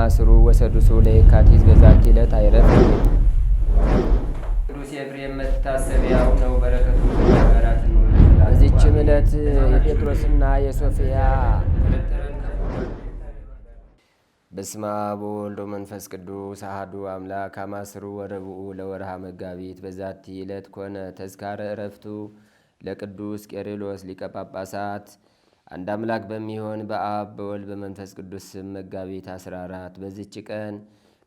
ማስሩ ወሰዱሱ ለየካቲት በዛቲ ዕለት አይረፍ። ቅዱስ ኤፍሬም መታሰቢያው ነው። በረከቱ በዚችም ዕለት የጴጥሮስና የሶፊያ በስመ አብ ወወልድ ወመንፈስ ቅዱስ አሐዱ አምላክ አማስሩ ወረብኡ ለወርሃ መጋቢት በዛቲ ዕለት ኮነ ተዝካረ እረፍቱ ለቅዱስ ቄርሎስ ሊቀ ጳጳሳት አንድ አምላክ በሚሆን በአብ በወልድ በመንፈስ ቅዱስ ስም መጋቢት 14 በዚች ቀን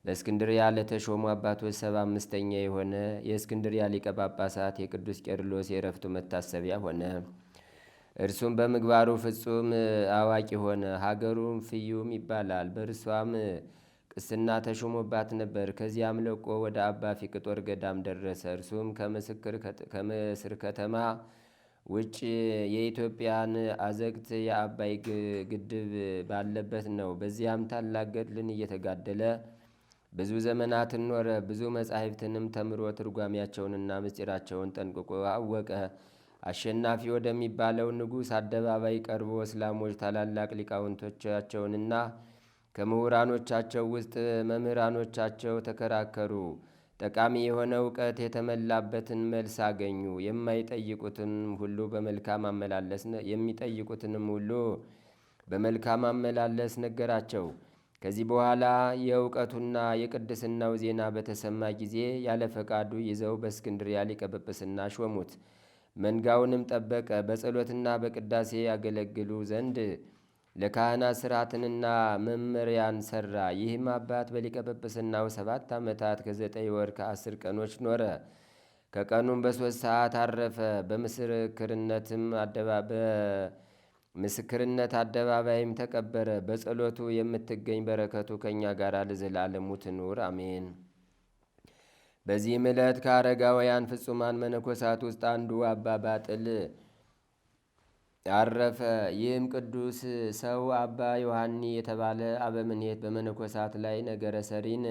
በእስክንድሪያ ለተሾሙ አባቶች ሰባ አምስተኛ የሆነ የእስክንድሪያ ሊቀ ጳጳሳት የቅዱስ ቄርሎስ የእረፍቱ መታሰቢያ ሆነ። እርሱም በምግባሩ ፍጹም አዋቂ ሆነ። ሀገሩም ፍዩም ይባላል። በእርሷም ቅስና ተሾሞባት ነበር። ከዚያም ለቆ ወደ አባ ፊቅጦር ገዳም ደረሰ። እርሱም ከምስር ከተማ ውጭ የኢትዮጵያን አዘቅት የአባይ ግድብ ባለበት ነው። በዚያም ታላቅ ገድልን እየተጋደለ ብዙ ዘመናትን ኖረ። ብዙ መጻሕፍትንም ተምሮ ትርጓሚያቸውንና ምስጢራቸውን ጠንቅቆ አወቀ። አሸናፊ ወደሚባለው ንጉሥ አደባባይ ቀርቦ እስላሞች ታላላቅ ሊቃውንቶቻቸውንና ከምሁራኖቻቸው ውስጥ መምህራኖቻቸው ተከራከሩ። ጠቃሚ የሆነ እውቀት የተመላበትን መልስ አገኙ። የማይጠይቁትን ሁሉ በመልካም አመላለስ የሚጠይቁትንም ሁሉ በመልካም አመላለስ ነገራቸው። ከዚህ በኋላ የእውቀቱና የቅድስናው ዜና በተሰማ ጊዜ ያለ ፈቃዱ ይዘው በእስክንድሪያ ሊቀ ጵጵስና ሾሙት። መንጋውንም ጠበቀ። በጸሎትና በቅዳሴ ያገለግሉ ዘንድ ለካህናት ስርዓትንና መመሪያን ሰራ። ይህም አባት በሊቀ ጵጵስናው ሰባት ዓመታት ከዘጠኝ ወር ከአስር ቀኖች ኖረ። ከቀኑም በሶስት ሰዓት አረፈ። በምስክርነትም ምስክርነት አደባባይም ተቀበረ። በጸሎቱ የምትገኝ በረከቱ ከእኛ ጋር ለዘላለሙ ትኑር አሜን። በዚህም ዕለት ከአረጋውያን ፍጹማን መነኮሳት ውስጥ አንዱ አባ ባጥል አረፈ። ይህም ቅዱስ ሰው አባ ዮሐኒ የተባለ አበምኔት በመነኮሳት ላይ ነገረ ሰሪን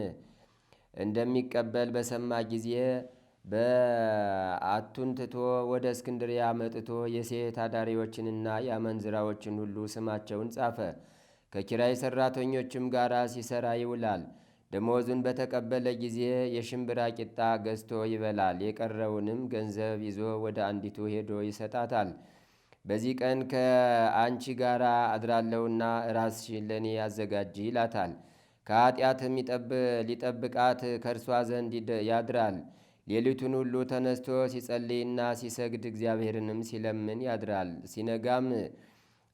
እንደሚቀበል በሰማ ጊዜ በአቱን ትቶ ወደ እስክንድሪያ መጥቶ የሴት አዳሪዎችንና የአመንዝራዎችን ሁሉ ስማቸውን ጻፈ። ከኪራይ ሰራተኞችም ጋር ሲሰራ ይውላል። ደሞዙን በተቀበለ ጊዜ የሽምብራ ቂጣ ገዝቶ ይበላል። የቀረውንም ገንዘብ ይዞ ወደ አንዲቱ ሄዶ ይሰጣታል። በዚህ ቀን ከአንቺ ጋር አድራለውና ራስሽን ለእኔ ያዘጋጅ ይላታል። ከኃጢአትም ሊጠብቃት ከእርሷ ዘንድ ያድራል። ሌሊቱን ሁሉ ተነስቶ ሲጸልይና ሲሰግድ እግዚአብሔርንም ሲለምን ያድራል። ሲነጋም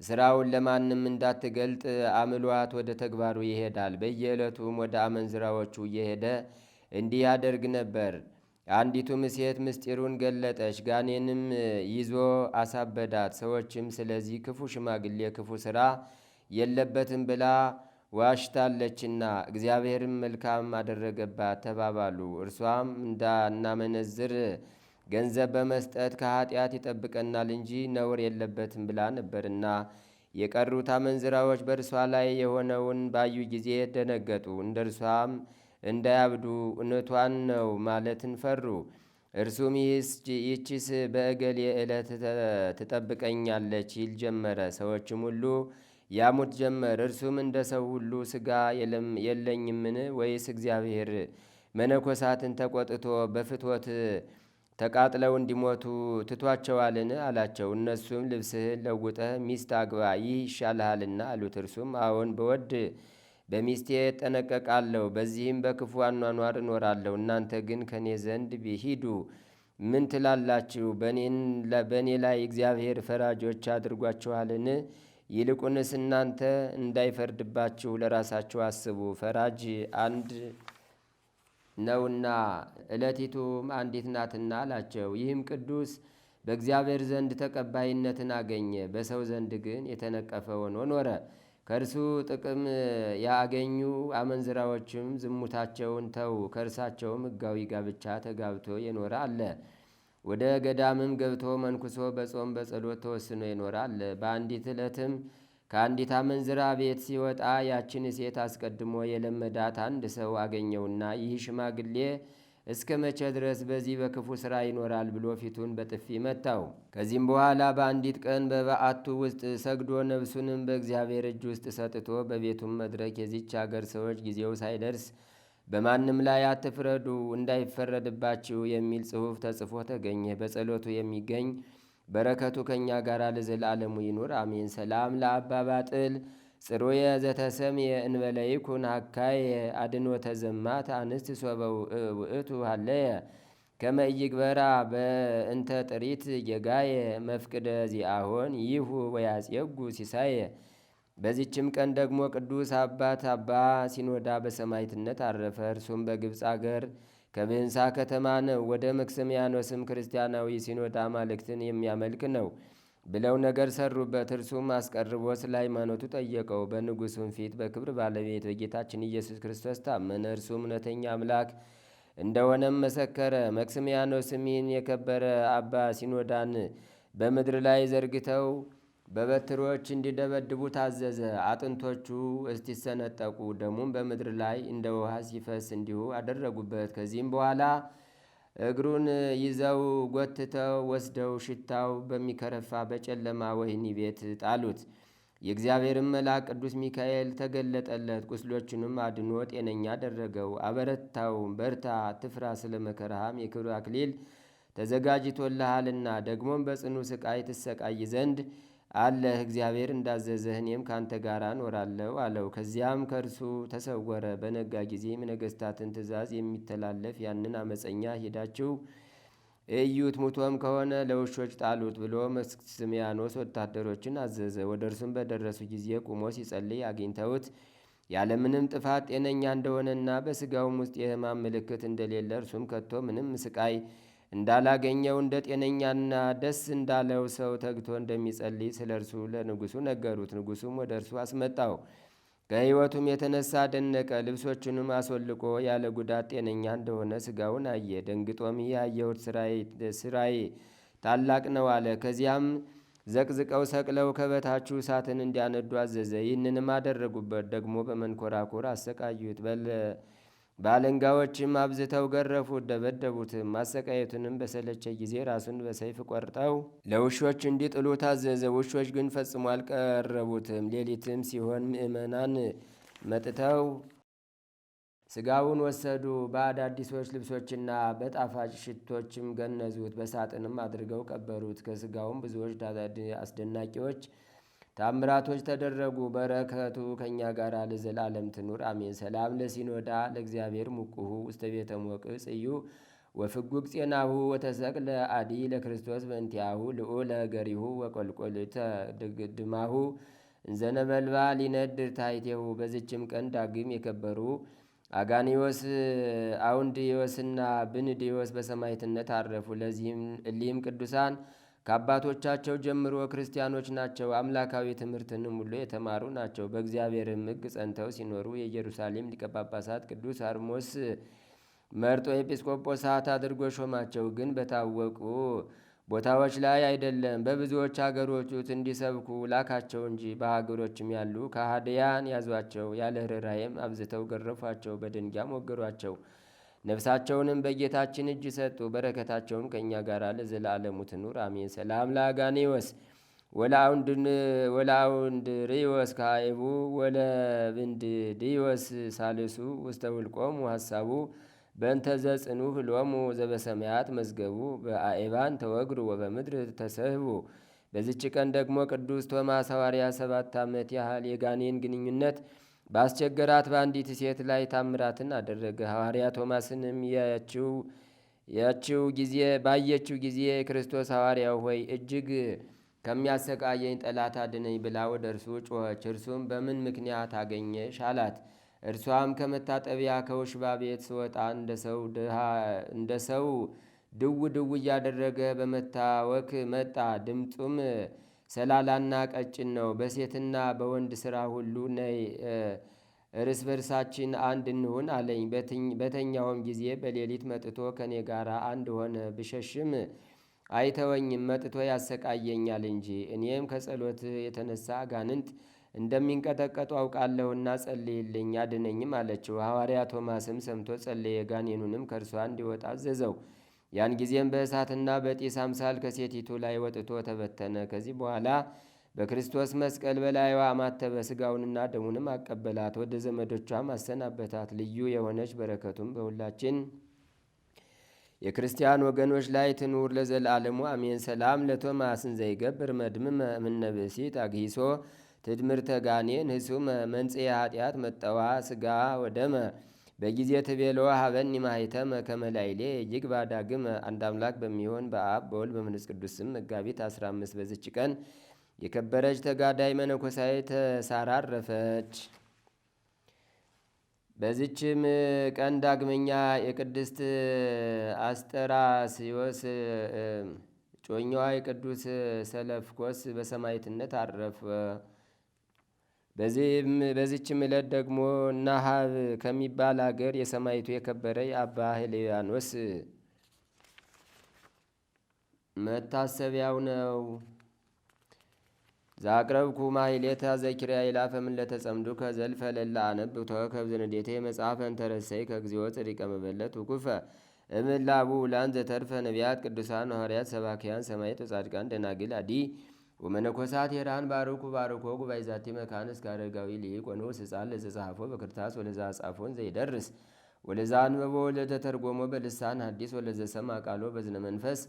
ስራውን ለማንም እንዳትገልጥ አምሏት ወደ ተግባሩ ይሄዳል። በየዕለቱም ወደ አመንዝራዎቹ እየሄደ እንዲህ ያደርግ ነበር። አንዲቱም ሴት ምስጢሩን ገለጠች፣ ጋኔንም ይዞ አሳበዳት። ሰዎችም ስለዚህ ክፉ ሽማግሌ ክፉ ሥራ የለበትም ብላ ዋሽታለችና እግዚአብሔርም መልካም አደረገባት ተባባሉ። እርሷም እንዳናመነዝር ገንዘብ በመስጠት ከኃጢአት ይጠብቀናል እንጂ ነውር የለበትም ብላ ነበርና የቀሩት አመንዝራዎች በእርሷ ላይ የሆነውን ባዩ ጊዜ ደነገጡ። እንደ እርሷም እንዳያብዱ እውነቷን ነው ማለትን ፈሩ። እርሱም ይህችስ በእገሌ ዕለት ትጠብቀኛለች ይል ጀመረ። ሰዎችም ሁሉ ያሙት ጀመር። እርሱም እንደ ሰው ሁሉ ስጋ የለኝምን? ወይስ እግዚአብሔር መነኮሳትን ተቆጥቶ በፍትወት ተቃጥለው እንዲሞቱ ትቷቸዋልን? አላቸው። እነሱም ልብስህን ለውጠህ ሚስት አግባ ይህ ይሻልሃልና አሉት። እርሱም አዎን በወድ በሚስቴ እጠነቀቃለሁ፣ በዚህም በክፉ አኗኗር እኖራለሁ። እናንተ ግን ከእኔ ዘንድ ቢሂዱ ምን ትላላችሁ? በእኔ ላይ እግዚአብሔር ፈራጆች አድርጓችኋልን? ይልቁንስ እናንተ እንዳይፈርድባችሁ ለራሳችሁ አስቡ። ፈራጅ አንድ ነውና እለቲቱም አንዲት ናትና አላቸው። ይህም ቅዱስ በእግዚአብሔር ዘንድ ተቀባይነትን አገኘ፣ በሰው ዘንድ ግን የተነቀፈ ሆኖ ኖረ። ከእርሱ ጥቅም ያገኙ አመንዝራዎችም ዝሙታቸውን ተዉ። ከእርሳቸውም ሕጋዊ ጋብቻ ተጋብቶ የኖረ አለ። ወደ ገዳምም ገብቶ መንኩሶ በጾም በጸሎት ተወስኖ የኖረ አለ። በአንዲት ዕለትም ከአንዲት አመንዝራ ቤት ሲወጣ ያችን ሴት አስቀድሞ የለመዳት አንድ ሰው አገኘውና ይህ ሽማግሌ እስከ መቼ ድረስ በዚህ በክፉ ሥራ ይኖራል ብሎ ፊቱን በጥፊ መታው። ከዚህም በኋላ በአንዲት ቀን በበዓቱ ውስጥ ሰግዶ ነብሱንም በእግዚአብሔር እጅ ውስጥ ሰጥቶ በቤቱም መድረክ የዚች አገር ሰዎች ጊዜው ሳይደርስ በማንም ላይ አትፍረዱ እንዳይፈረድባችሁ የሚል ጽሑፍ ተጽፎ ተገኘ። በጸሎቱ የሚገኝ በረከቱ ከእኛ ጋር ለዘላለሙ ይኑር አሜን። ሰላም ለአባ ባጥል ጽሩየ ዘተሰምየ እንበለይኩን አካየ አድንወተ ዘማት አንስት ሶበ ውእቱ ሃለየ ከመ እይግበራ በእንተ ጥሪት የጋየ መፍቅደ ዚአሆን ይሁ ወያጽየጉ ሲሳየ። በዚችም ቀን ደግሞ ቅዱስ አባት አባ ሲኖዳ በሰማይትነት አረፈ። እርሱም በግብፅ አገር ከብህንሳ ከተማ ነው። ወደ መክሰሚያኖስም ክርስቲያናዊ ሲኖዳ ማልክትን የሚያመልክ ነው። ብለው ነገር ሰሩበት። እርሱም አስቀርቦ ስለ ሃይማኖቱ ጠየቀው። በንጉሱም ፊት በክብር ባለቤት በጌታችን ኢየሱስ ክርስቶስ ታመነ። እርሱም እውነተኛ አምላክ እንደሆነም መሰከረ። መክስሚያኖስም ይህን የከበረ አባ ሲኖዳን በምድር ላይ ዘርግተው በበትሮች እንዲደበድቡ ታዘዘ። አጥንቶቹ እስቲሰነጠቁ ደሙም በምድር ላይ እንደ ውሃ ሲፈስ እንዲሁ አደረጉበት። ከዚህም በኋላ እግሩን ይዘው ጎትተው ወስደው ሽታው በሚከረፋ በጨለማ ወህኒ ቤት ጣሉት። የእግዚአብሔርም መልአክ ቅዱስ ሚካኤል ተገለጠለት። ቁስሎቹንም አድኖ ጤነኛ አደረገው፣ አበረታው። በርታ፣ ትፍራ፣ ስለ መከራህም የክብር አክሊል ተዘጋጅቶልሃልና ደግሞም በጽኑ ስቃይ ትሰቃይ ዘንድ አለህ እግዚአብሔር እንዳዘዘህ እኔም ከአንተ ጋር እኖራለሁ አለው። ከዚያም ከእርሱ ተሰወረ። በነጋ ጊዜም ነገሥታትን ትእዛዝ የሚተላለፍ ያንን አመፀኛ ሄዳችሁ እዩት፣ ሙቶም ከሆነ ለውሾች ጣሉት ብሎ መስክስሚያኖስ ወታደሮችን አዘዘ። ወደ እርሱም በደረሱ ጊዜ ቁሞ ሲጸልይ አግኝተውት ያለምንም ጥፋት ጤነኛ እንደሆነና በስጋውም ውስጥ የህማም ምልክት እንደሌለ እርሱም ከቶ ምንም ስቃይ እንዳላገኘው እንደ ጤነኛና ደስ እንዳለው ሰው ተግቶ እንደሚጸልይ ስለ እርሱ ለንጉሱ ነገሩት። ንጉሱም ወደ እርሱ አስመጣው። ከሕይወቱም የተነሳ ደነቀ። ልብሶቹንም አስወልቆ ያለ ጉዳት ጤነኛ እንደሆነ ስጋውን አየ። ደንግጦም ይህ ያየሁት ታላቅ ነው አለ። ከዚያም ዘቅዝቀው ሰቅለው ከበታችሁ እሳትን እንዲያነዱ አዘዘ። ይህንንም አደረጉበት። ደግሞ በመንኮራኩር አሰቃዩት። ባለንጋዎችም አብዝተው ገረፉት፣ ደበደቡትም። ማሰቃየቱንም በሰለቸ ጊዜ ራሱን በሰይፍ ቆርጠው ለውሾች እንዲጥሉ ታዘዘ። ውሾች ግን ፈጽሞ አልቀረቡትም። ሌሊትም ሲሆን ምእመናን መጥተው ስጋውን ወሰዱ። በአዳዲሶች ልብሶችና በጣፋጭ ሽቶችም ገነዙት። በሳጥንም አድርገው ቀበሩት። ከስጋውም ብዙዎች አስደናቂዎች ታምራቶች ተደረጉ። በረከቱ ከእኛ ጋር ለዘላለም ትኑር አሜን። ሰላም ለሲኖዳ ለእግዚአብሔር ሙቁሁ ውስተ ቤተ ሞቅ ጽዩ ወፍጉግ ጼናሁ ወተሰቅለ አዲ ለክርስቶስ በእንቲያሁ ልዑ ለገሪሁ ወቆልቆል ተድግድማሁ እንዘነበልባ ሊነድር ታይቴሁ። በዝችም ቀን ዳግም የከበሩ አጋኒዮስ አውንድዮስና ብንድዮስ በሰማይትነት አረፉ። ለዚህም እሊህም ቅዱሳን ከአባቶቻቸው ጀምሮ ክርስቲያኖች ናቸው። አምላካዊ ትምህርትንም ሁሉ የተማሩ ናቸው። በእግዚአብሔርም ሕግ ጸንተው ሲኖሩ የኢየሩሳሌም ሊቀ ጳጳሳት ቅዱስ አርሞስ መርጦ ኤጲስቆጶሳት አድርጎ ሾማቸው። ግን በታወቁ ቦታዎች ላይ አይደለም፣ በብዙዎች አገሮች ውስጥ እንዲሰብኩ ላካቸው እንጂ። በሀገሮችም ያሉ ከሃዲያን ያዟቸው፣ ያለ ርኅራኄም አብዝተው ገረፏቸው፣ በድንጋይም ወገሯቸው። ነፍሳቸውንም በጌታችን እጅ ሰጡ። በረከታቸውም ከእኛ ጋር ለዘላለሙ ትኑር አሜን። ሰላም ለአጋኔወስ ወለአውንድሪወስ ወለብንድ ወለብንድዲወስ ሳልሱ ውስተ ውልቆሙ ሀሳቡ በእንተ ዘጽኑ ህሎሙ ዘበሰማያት መዝገቡ በአኤባን ተወግሩ ወበምድር ተሰህቡ። በዚች ቀን ደግሞ ቅዱስ ቶማስ ሐዋርያ ሰባት ዓመት ያህል የጋኔን ግንኙነት ባስቸገራት በአንዲት ሴት ላይ ታምራትን አደረገ። ሐዋርያ ቶማስንም ያችው ጊዜ ባየችው ጊዜ ክርስቶስ ሐዋርያው ሆይ እጅግ ከሚያሰቃየኝ ጠላት አድነኝ ብላ ወደ እርሱ ጮኸች። እርሱም በምን ምክንያት አገኘሽ አላት። እርሷም ከመታጠቢያ ከውሽባ ቤት ስወጣ እንደ ሰው ድው ድው እያደረገ በመታወክ መጣ ድምፁም ሰላላና ቀጭን ነው። በሴትና በወንድ ስራ ሁሉ ነይ እርስ በርሳችን አንድ እንሁን አለኝ። በተኛውም ጊዜ በሌሊት መጥቶ ከኔ ጋር አንድ ሆነ። ብሸሽም አይተወኝም፣ መጥቶ ያሰቃየኛል እንጂ። እኔም ከጸሎት የተነሳ አጋንንት እንደሚንቀጠቀጡ አውቃለሁና ጸልይልኝ፣ አድነኝም አለችው። ሐዋርያ ቶማስም ሰምቶ ጸለየ። ጋኔኑንም ከእርሷ እንዲወጣ አዘዘው። ያን ጊዜም በእሳትና በጢስ አምሳል ከሴቲቱ ላይ ወጥቶ ተበተነ። ከዚህ በኋላ በክርስቶስ መስቀል በላይዋ ማተበ ስጋውንና ደሙንም አቀበላት፣ ወደ ዘመዶቿም አሰናበታት። ልዩ የሆነች በረከቱም በሁላችን የክርስቲያን ወገኖች ላይ ትኑር ለዘላለሙ አሜን። ሰላም ለቶማስን ዘይገብር መድም እምነበሲት አግሂሶ ትድምር ተጋኔን ህሱ መንጽ ኃጢአት መጠዋ ስጋ ወደመ በጊዜ ትቤሎ ሀበኒ ማኅተመ ከመላይሌ እጅግ ባዳግም ዳግም አንድ አምላክ በሚሆን በአብ በወልድ በመንፈስ ቅዱስ ስም መጋቢት 15 በዝች ቀን የከበረች ተጋዳይ መነኮሳይ ተሳራረፈች አረፈች። ቀን ዳግመኛ የቅድስት አስጠራስዮስ ጮኛዋ የቅዱስ ሰለፍኮስ በሰማይትነት አረፈ። በዚህም በዚችም ዕለት ደግሞ ናሃብ ከሚባል አገር የሰማይቱ የከበረ የአባ ሕልያኖስ መታሰቢያው ነው። ዛቅረብኩ ማሕሌተ ዘኪርያ ምን ለተጸምዱ ከዘልፈ ለላ አነብ ተወከብ ዘንዴቴ መጽሐፈን ተረሰይ ከግዚኦ ጽድቀ መበለት ውኩፈ እምላቡ ውላን ዘተርፈ ነቢያት ቅዱሳን ሐዋርያት ሰባኪያን ሰማዕት ወጻድቃን ደናግል አዲ ወመነኮሳት ሄራን ባርኩ ባርኮ ጉባኤ ዛቴ መካን እስከ አረጋዊ ሊቅ ወንዑስ ሕፃን ለዘጻሐፎ በክርታስ ወለዛ ጻፎን ዘይደርስ ወለዛ አንበቦ ወለተተርጎሞ በልሳን አዲስ ወለዘሰማ ቃሎ በዝነ መንፈስ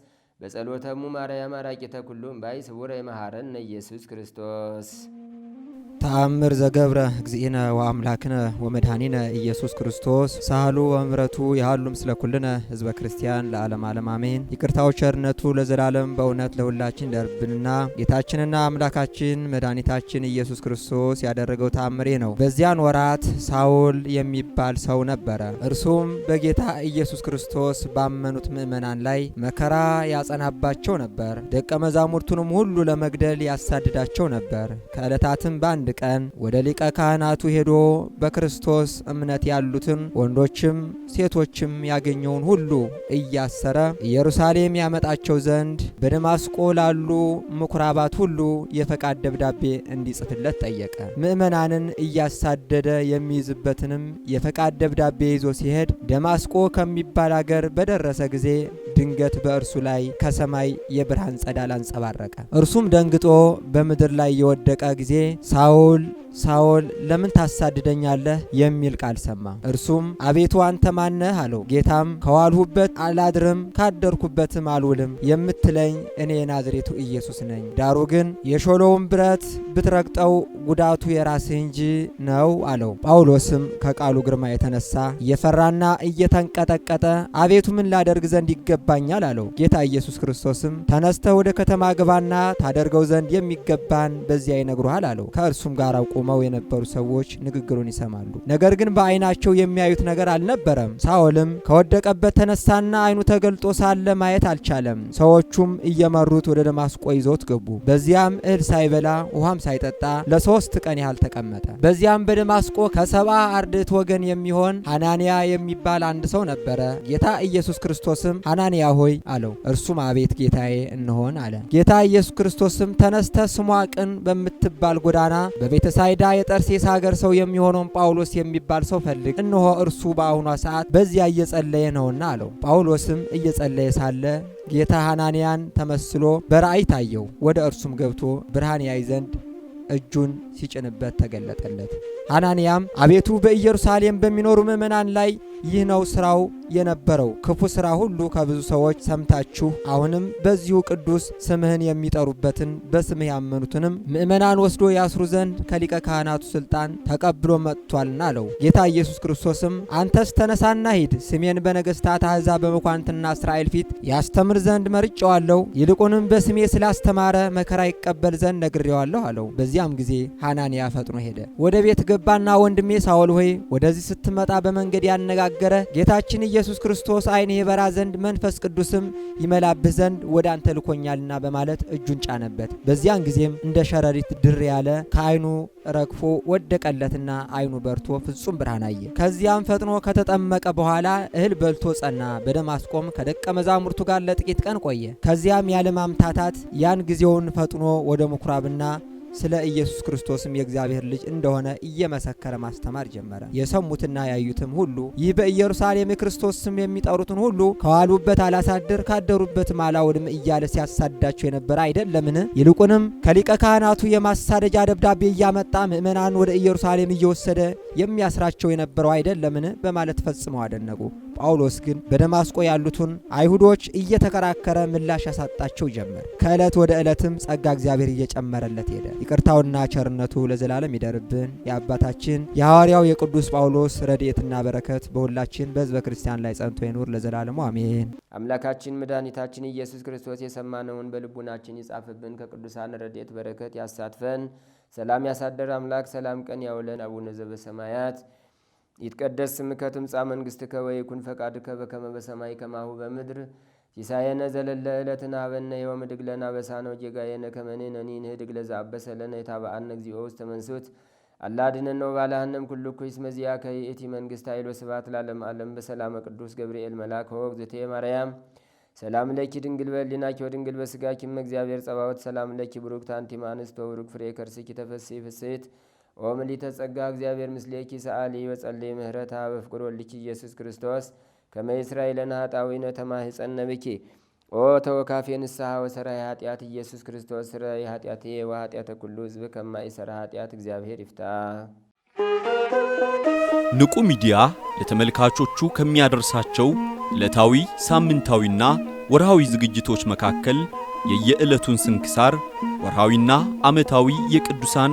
በጸሎተሙ ማርያም አራቂተ ኩሉ እምባይ ስቡረ የመሐረን ኢየሱስ ክርስቶስ ተአምር ዘገብረ እግዚእነ ወአምላክነ ወመድኃኒነ ኢየሱስ ክርስቶስ ሳህሉ ወምረቱ ያሃሉ ስለ ኩልነ ህዝበ ክርስቲያን ለዓለም ዓለም አሜን። ይቅርታው ቸርነቱ ለዘላለም በእውነት ለሁላችን ደርብንና ጌታችንና አምላካችን መድኃኒታችን ኢየሱስ ክርስቶስ ያደረገው ተአምሬ ነው። በዚያን ወራት ሳውል የሚባል ሰው ነበረ። እርሱም በጌታ ኢየሱስ ክርስቶስ ባመኑት ምእመናን ላይ መከራ ያጸናባቸው ነበር። ደቀ መዛሙርቱንም ሁሉ ለመግደል ያሳድዳቸው ነበር። ከዕለታትም በአንድ ቀን ወደ ሊቀ ካህናቱ ሄዶ በክርስቶስ እምነት ያሉትን ወንዶችም ሴቶችም ያገኘውን ሁሉ እያሰረ ኢየሩሳሌም ያመጣቸው ዘንድ በደማስቆ ላሉ ምኩራባት ሁሉ የፈቃድ ደብዳቤ እንዲጽፍለት ጠየቀ። ምእመናንን እያሳደደ የሚይዝበትንም የፈቃድ ደብዳቤ ይዞ ሲሄድ ደማስቆ ከሚባል አገር በደረሰ ጊዜ ድንገት በእርሱ ላይ ከሰማይ የብርሃን ጸዳል አንጸባረቀ። እርሱም ደንግጦ በምድር ላይ የወደቀ ጊዜ ሳውል ሳኦል ለምን ታሳድደኛለህ? የሚል ቃል ሰማ። እርሱም አቤቱ አንተ ማነህ አለው። ጌታም ከዋልሁበት አላድርም፣ ካደርኩበትም አልውልም የምትለኝ እኔ የናዝሬቱ ኢየሱስ ነኝ። ዳሩ ግን የሾለውን ብረት ብትረግጠው ጉዳቱ የራስህ እንጂ ነው አለው። ጳውሎስም ከቃሉ ግርማ የተነሳ እየፈራና እየተንቀጠቀጠ አቤቱ ምን ላደርግ ዘንድ ይገባኛል አለው። ጌታ ኢየሱስ ክርስቶስም ተነስተህ ወደ ከተማ ግባና ታደርገው ዘንድ የሚገባን በዚያ ይነግሩሃል አለው። ከእርሱም ጋር አውቆ ቆመው የነበሩ ሰዎች ንግግሩን ይሰማሉ። ነገር ግን በዓይናቸው የሚያዩት ነገር አልነበረም። ሳኦልም ከወደቀበት ተነሳና ዓይኑ ተገልጦ ሳለ ማየት አልቻለም። ሰዎቹም እየመሩት ወደ ደማስቆ ይዘውት ገቡ። በዚያም እህል ሳይበላ ውሃም ሳይጠጣ ለሶስት ቀን ያህል ተቀመጠ። በዚያም በደማስቆ ከሰባ አርድእት ወገን የሚሆን ሐናንያ የሚባል አንድ ሰው ነበረ። ጌታ ኢየሱስ ክርስቶስም ሐናንያ ሆይ አለው። እርሱም አቤት ጌታዬ እንሆን አለ። ጌታ ኢየሱስ ክርስቶስም ተነስተ ስሟ ቅን በምትባል ጎዳና በቤተሳ በማይዳ የጠርሴስ ሀገር ሰው የሚሆነውን ጳውሎስ የሚባል ሰው ፈልግ፣ እነሆ እርሱ በአሁኗ ሰዓት በዚያ እየጸለየ ነውና አለው። ጳውሎስም እየጸለየ ሳለ ጌታ ሐናንያን ተመስሎ በራእይ ታየው። ወደ እርሱም ገብቶ ብርሃን ያይ ዘንድ እጁን ሲጭንበት ተገለጠለት። አናንያም አቤቱ በኢየሩሳሌም በሚኖሩ ምእመናን ላይ ይህ ነው ስራው የነበረው ክፉ ስራ ሁሉ ከብዙ ሰዎች ሰምታችሁ አሁንም በዚሁ ቅዱስ ስምህን የሚጠሩበትን በስምህ ያመኑትንም ምእመናን ወስዶ ያስሩ ዘንድ ከሊቀ ካህናቱ ስልጣን ተቀብሎ መጥቷልና አለው። ጌታ ኢየሱስ ክርስቶስም አንተስ ተነሳና ሂድ፣ ስሜን በነገሥታት አሕዛብ በመኳንትና እስራኤል ፊት ያስተምር ዘንድ መርጨዋለሁ። ይልቁንም በስሜ ስላስተማረ መከራ ይቀበል ዘንድ ነግሬዋለሁ አለው። በዚያም ጊዜ ሐናንያ ፈጥኖ ሄደ ወደ ቤት ገ ባና ወንድሜ ሳውል ሆይ ወደዚህ ስትመጣ በመንገድ ያነጋገረ ጌታችን ኢየሱስ ክርስቶስ ዓይን የበራ ዘንድ መንፈስ ቅዱስም ይመላብህ ዘንድ ወደ አንተ ልኮኛልና በማለት እጁን ጫነበት። በዚያን ጊዜም እንደ ሸረሪት ድር ያለ ከዓይኑ ረግፎ ወደቀለትና ዓይኑ በርቶ ፍጹም ብርሃን አየ። ከዚያም ፈጥኖ ከተጠመቀ በኋላ እህል በልቶ ጸና። በደማስቆም ከደቀ መዛሙርቱ ጋር ለጥቂት ቀን ቆየ። ከዚያም ያለማምታታት ያን ጊዜውን ፈጥኖ ወደ ምኩራብና ስለ ኢየሱስ ክርስቶስም የእግዚአብሔር ልጅ እንደሆነ እየመሰከረ ማስተማር ጀመረ። የሰሙትና ያዩትም ሁሉ ይህ በኢየሩሳሌም የክርስቶስ ስም የሚጠሩትን ሁሉ ከዋሉበት አላሳድር ካደሩበትም አላውልም እያለ ሲያሳዳቸው የነበረ አይደለምን? ይልቁንም ከሊቀ ካህናቱ የማሳደጃ ደብዳቤ እያመጣ ምእመናን ወደ ኢየሩሳሌም እየወሰደ የሚያስራቸው የነበረው አይደለምን? በማለት ፈጽመው አደነቁ። ጳውሎስ ግን በደማስቆ ያሉትን አይሁዶች እየተከራከረ ምላሽ ያሳጣቸው ጀመር። ከዕለት ወደ ዕለትም ጸጋ እግዚአብሔር እየጨመረለት ሄደ። ይቅርታውና ቸርነቱ ለዘላለም ይደርብን። የአባታችን የሐዋርያው የቅዱስ ጳውሎስ ረድኤትና በረከት በሁላችን በሕዝበ ክርስቲያን ላይ ጸንቶ ይኑር ለዘላለሙ አሜን። አምላካችን መድኃኒታችን ኢየሱስ ክርስቶስ የሰማነውን በልቡናችን ይጻፍብን፣ ከቅዱሳን ረድኤት በረከት ያሳትፈን። ሰላም ያሳደር አምላክ ሰላም ቀን ያውለን። አቡነ ዘበሰማያት ይትቀደስ ስምከ ትምጻእ መንግሥትከ ወይኩን ፈቃድከ በከመ በሰማይ ከማሁ በምድር ሲሳየነ ዘለለ ዕለትነ ሀበነ ዮም ህድግ ለነ አበሳነ ወጌጋየነ ከመ ንሕነኒ ንህድግ ለዘአበሰ ለነ የታበአነ እግዚኦ ውስተ መንሱት አላ አድኅነነ ወባልሐነ እምኩሉ እኩይ እስመ መንግሥት ኃይል ወስብሐት ለዓለመ ዓለም በሰላመ ቅዱስ ገብርኤል መልአክ ሆ እግዝእቴ ማርያም ሰላም ለኪ ድንግል በሕሊናኪ ወድንግል በሥጋኪ እም እግዚአብሔር ጸባዖት ሰላም ለኪ ብሩክት አንቲ እምአንስት ወብሩክ ፍሬ ከርስኪ ተፈሥሒ ፍሥሕት ኦም ሊተጸጋ እግዚአብሔር ምስሌኪ ሰአሊ ወጸልይ ምህረታ በፍቅር ወልኪ ኢየሱስ ክርስቶስ ከመ እስራኤልን ሀጣዊነ ተማህጸነብኪ ኦ ተወካፌ ንስሐ ወሰራይ ኃጢአት ኢየሱስ ክርስቶስ ስራይ ኃጢአት ወኃጢአተ ኩሉ ህዝብ ከማይሰራ ኃጢአት እግዚአብሔር ይፍታ። ንቁ ሚዲያ ለተመልካቾቹ ከሚያደርሳቸው ዕለታዊ ሳምንታዊና ወርሃዊ ዝግጅቶች መካከል የየዕለቱን ስንክሳር ወርሃዊና ዓመታዊ የቅዱሳን